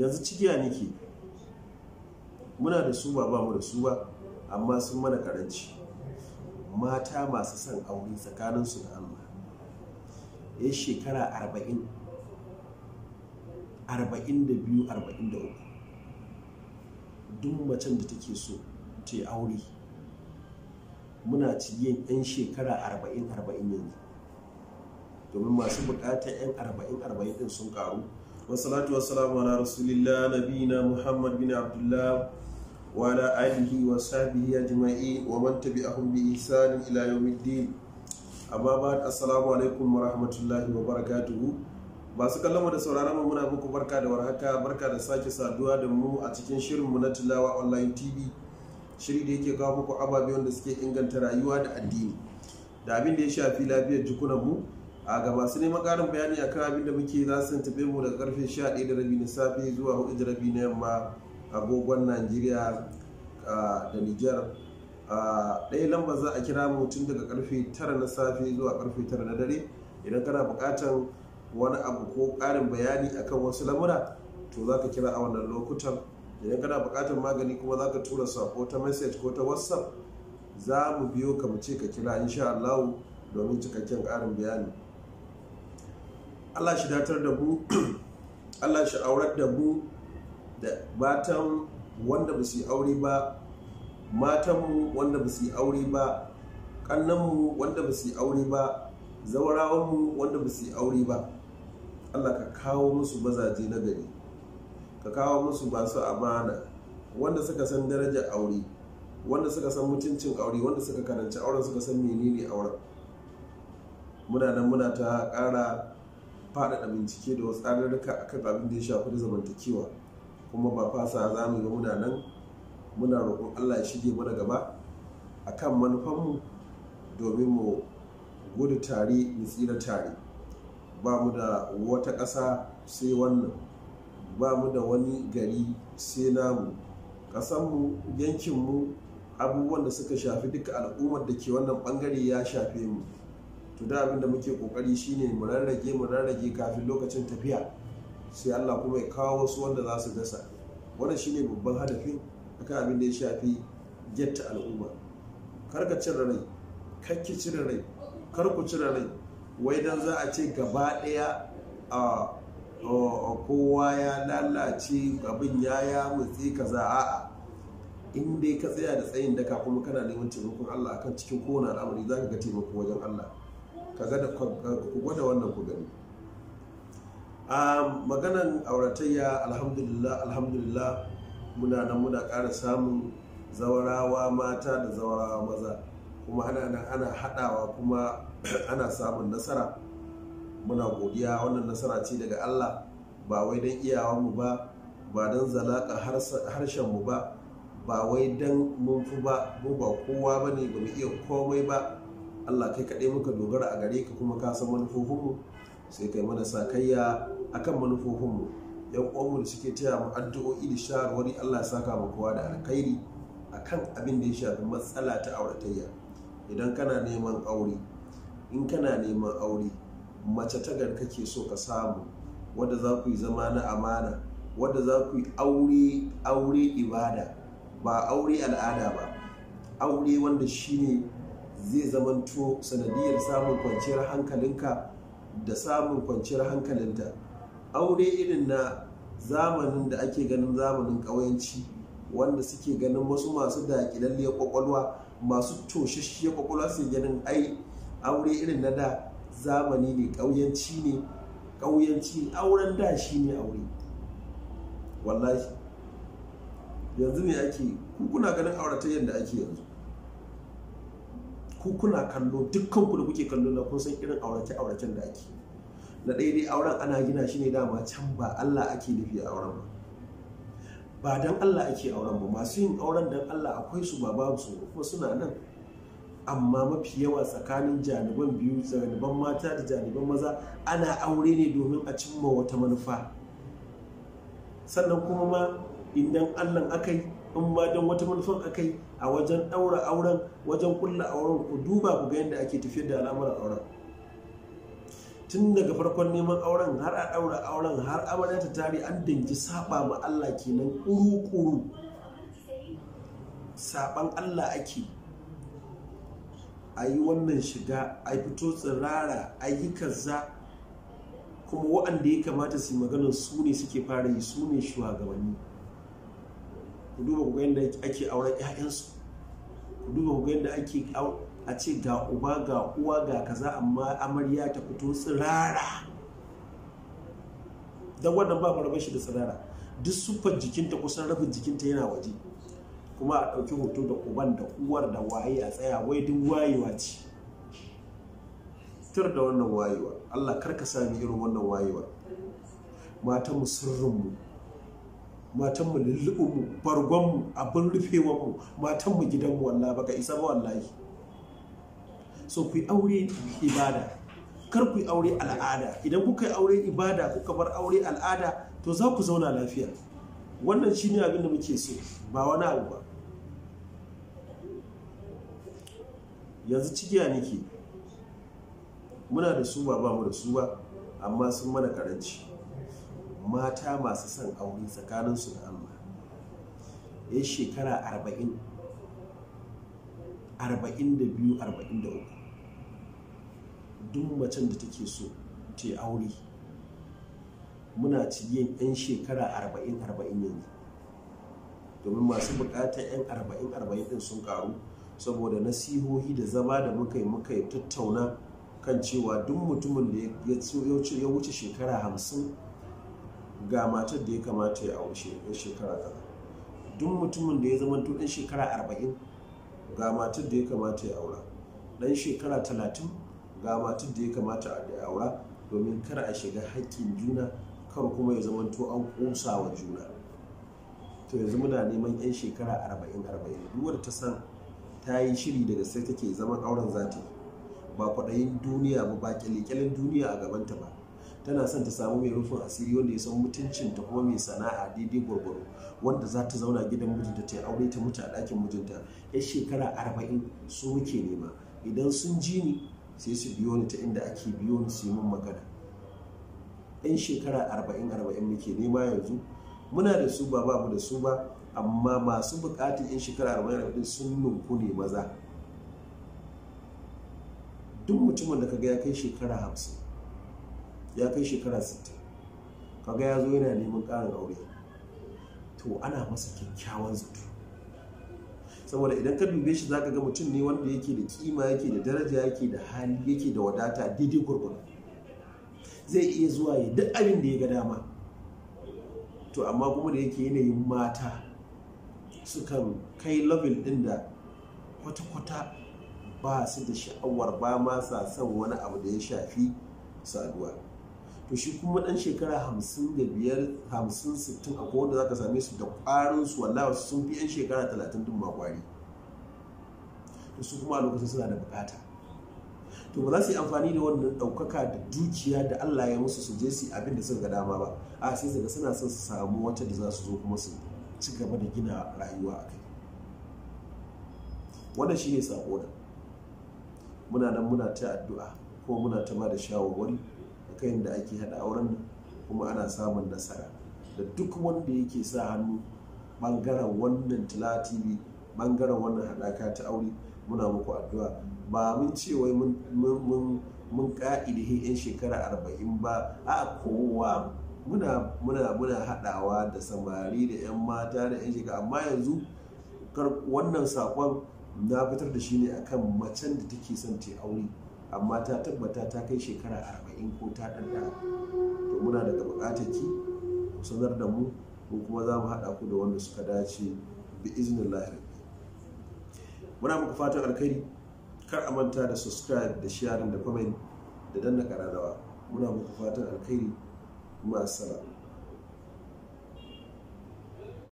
yanzu cikiya nake muna da su ba mu da su ba amma sun mana karanci mata masu son aure tsakaninsu da Allah ya eh, shekara arba'in 42 da duk macen da take so ta yi aure muna yin 'yan shekara arba'in 40 yanzu domin masu bukata 'yan arba'in 40 sun karu wasalatu wasalamu ala rasulillah nabiyina muhammad bin abdullah wa ala alihi wa sahbihi ajma'in wa man tabi'ahum bi ihsan ila yawmiddin amma ba assalamu alaikum wa rahmatullahi wa barakatuhu su kallon da sauraron mu muna muku barka da warhaka barka da sake saduwa da mu a cikin shirin mu na tilawa online tv shiri da yake kawo muku ababe wanda suke inganta rayuwa da addini da abin da ya shafi lafiyar jikunanmu mu a gaba su neman karin bayani a kan abin da muke za su tafi mu daga karfe 11 da rabi na safe zuwa 4 da rabi na yamma agogon najeriya da niger ɗaya lamba za a kira mu tun daga karfe 9 na safe zuwa karfe 9 na dare idan kana bukatan wani abu ko karin bayani akan wasu lamura to za ka kira a wannan lokutan idan kana buƙatar magani kuma za ka tura sako ta message ko ta whatsapp za mu biyo ka mu ce ka kira insha allahu domin cikakken karin bayani Allah shi datar da mu Allah shi aurar da mu da matan wanda ba su yi aure ba matanmu wanda ba su yi aure ba mu wanda ba su yi aure ba zawarawanmu wanda ba su yi aure ba Allah ka kawo musu mazaje na gari ka kawo musu masu amana wanda suka san darajar aure wanda suka san mutuncin aure wanda suka karanci auren suka san menene auren muna nan muna ta ƙara faɗaɗa bincike da wasu tsarurruka kan abin da ya shafi da zamantakewa kuma ba fasa za mu yi muna nan muna roƙon allah ya shige mana gaba a kan manufanmu domin mu gudu tare mu tsira tare ba mu da wata ƙasa sai wannan ba mu da wani gari sai namu ƙasanmu yankinmu abubuwan da suka shafi duka al'ummar da ke wannan ɓangare ya shafe mu to da abin da muke kokari shine mu rarrage mu rarrage kafin lokacin tafiya sai Allah kuma ya kawo wasu wanda za su gasa wannan shine babban hadafin akan abin da ya shafi jetta al'umma kar ka cire rai kar ki cire rai kar ku cire rai wai dan za a ce gaba daya a kowa ya lalace abin ya ya mutsi kaza a in dai ka tsaya da tsayin daka kuma kana neman taimakon Allah akan cikin kowane al'amari zaka ga taimako wajen Allah kaza da ku gwada wannan ku gani a maganan auratayya alhamdulillah alhamdulillah muna nan muna ƙara samun zawarawa mata da zawarawa maza kuma ana nan ana haɗawa kuma ana samun nasara muna godiya wannan nasara ce daga allah ba wai don mu ba ba don zalaƙa harshenmu ba ba wai don mun fi ba ba kowa ba ne ba mu iya komai ba Allah kai kaɗai muka dogara a gare ka kuma ka san manufofinmu sai kai mana sakayya akan manufofinmu yan uwanmu da suke taya mu addu'o'i da shawarwari Allah ya saka mu kowa da alkhairi akan abin da ya shafi matsala ta auratayya idan kana neman aure in kana neman aure mace tagar ka kake so ka samu wadda za ku yi zama na amana wadda za ku yi aure aure ibada ba aure al'ada ba aure wanda shine zai zamanto sanadiyar samun kwanciyar hankalinka da samun kwanciyar hankalinta aure irin na zamanin da ake ganin zamanin ƙawanci wanda suke ganin wasu masu daƙilalliyar kwakwalwa masu toshashiyar kwakwalwa su ganin ai aure irin na da zamani ne ƙauyenci ne auren da shi ne aure wallahi yanzu ne ake kuna ganin auratayyar da ake yanzu ku kuna kallo dukkan ku da kuke kallo na kun san irin aurace auracen da ake na ɗaya dai auren ana gina shi ne dama can ba Allah ake nufi auren ba ba dan Allah ake auren ba masu yin auren dan Allah akwai su ba babu su kuma suna nan amma mafi yawa tsakanin janiban biyu janiban mata da janiban maza ana aure ne domin a cimma wata manufa sannan kuma ma idan Allah aka yi in ma don wata manufan akai a wajen ɗaura auren wajen kulla auren ku duba ku ga yadda ake tafiyar da alamar auren tun daga farkon neman auren har a ɗaura auren har amarya ta tare an dangi saba ma Allah kenan kuru-kuru saban Allah ake a yi wannan shiga a fito tsirara a yi kaza kuma waɗanda ya kamata su yi maganar su ne suke fara yi su ne shugabanni ku duba ku ga yadda ake auren 'ya'yansu ku duba ku ga yadda ake a ce ga uba ga uwa ga kaza amma amarya ta fito tsirara don wannan ba mu rabar shi da tsirara duk siffar jikinta kusan rabin jikinta yana waje kuma a ɗauki hoto da uban da uwar da waye a tsaya wai duk wayewa ce tur da wannan wayewa allah karka sami irin wannan wayewa matan mu mu. matanmu lulluɓinmu bargonmu abin rufewa mu matanmu gidanmu wallahi baka isa ba wallahi so ku yi aure ibada kar ku yi aure al'ada idan kuka yi aure ibada kuka bar aure al'ada to za ku zauna lafiya wannan shine abin da muke so ba wani abu ba yanzu cikiya nake muna da su ba ba mu da su ba amma sun mana karanci mata masu son aure tsakanin su da Allah ya shekara arba'in arba'in da biyu arba'in da uku duk macen da take so ta aure muna ci yin 'yan shekara arba'in arba'in yanzu domin masu bukata 'yan arba'in arba'in din sun karu saboda nasihohi da zama da muka yi muka yi tattauna kan cewa duk mutumin da ya wuce shekara hamsin ga matar da ya kamata ya aure shekara kaza duk mutumin da ya zama to dan shekara arba'in ga matar da ya kamata ya aura dan shekara talatin ga matar da ya kamata a aura domin kar a shiga haƙƙin juna kar kuma ya zama to an ƙusa wa juna to yanzu muna neman 'yan shekara arba'in arba'in duk ta san ta yi shiri daga sai take zaman auren zata ba kwaɗayin duniya ba ba ƙyalƙyalin duniya a gabanta ba tana son ta samu mai rufin asiri wanda ya san mutuncin ta kuma mai sana'a daidai gwargwaro wanda za ta zauna gidan mijinta ta aure ta mutu a ɗakin mijinta yar shekara arba'in su muke nema idan sun ji ni sai su biyo ni ta inda ake biyo ni su yi min magana yan shekara arba'in arba'in muke nema yanzu muna da su ba babu da su ba amma masu buƙatar yan shekara arba'in arba'in sun nunku ne maza duk mutumin da ka ga ya kai shekara hamsin ya kai shekara 60 kaga ya zo yana neman ƙarin aure to ana masa kyakkyawan zato saboda idan ka dube shi zaka ga mutum ne wanda yake da kima yake da daraja yake da hali yake da wadata daidai gurgurda zai iya zuwa ya duk abin da ya ga dama to amma kuma da yake yanayin mata sukan kai level din da kwata-kwata ba su da sha'awar ba ma sa son wani abu da ya shafi saduwa to shi kuma dan shekara hamsin da biyar hamsin sittin a wanda za ka same su da ƙwarin su sun fi yan shekara talatin dun makwari ƙwari to su kuma a lokacin suna da bukata to ba za su yi amfani da wannan ɗaukaka da dukiya da Allah ya musu su je su abin da suka ga dama ba a sai su suna son su samu wata da za su zo kuma su ci gaba da gina rayuwa a kai wannan shi ne sako muna nan muna ta addu'a ko muna ta ba da shawarwari kayan da ake hada auren nan kuma ana samun nasara da duk wanda yake sa hannu bangaren wannan tila tv bangaren wannan haɗaka ta aure muna muku addu'a ba mun ce wai mun ƙa'idhe 'yan shekara arba'in ba a kowa muna muna muna haɗawa da samari da 'yan mata da 'yan shekara amma yanzu wannan saƙon na fitar da shi ne akan macen da take son ta aure amma ta tabbata ta kai shekara arba'in ko ta ɗanɗa to muna daga buƙatar ki ku sanar da mu ko kuma za mu haɗa ku da wanda suka dace bi izinin lahir muna muku fatan alkhairi kar a manta da subscribe da sharing da comment da danna ƙararrawa muna muku fatan alkhairi assalamu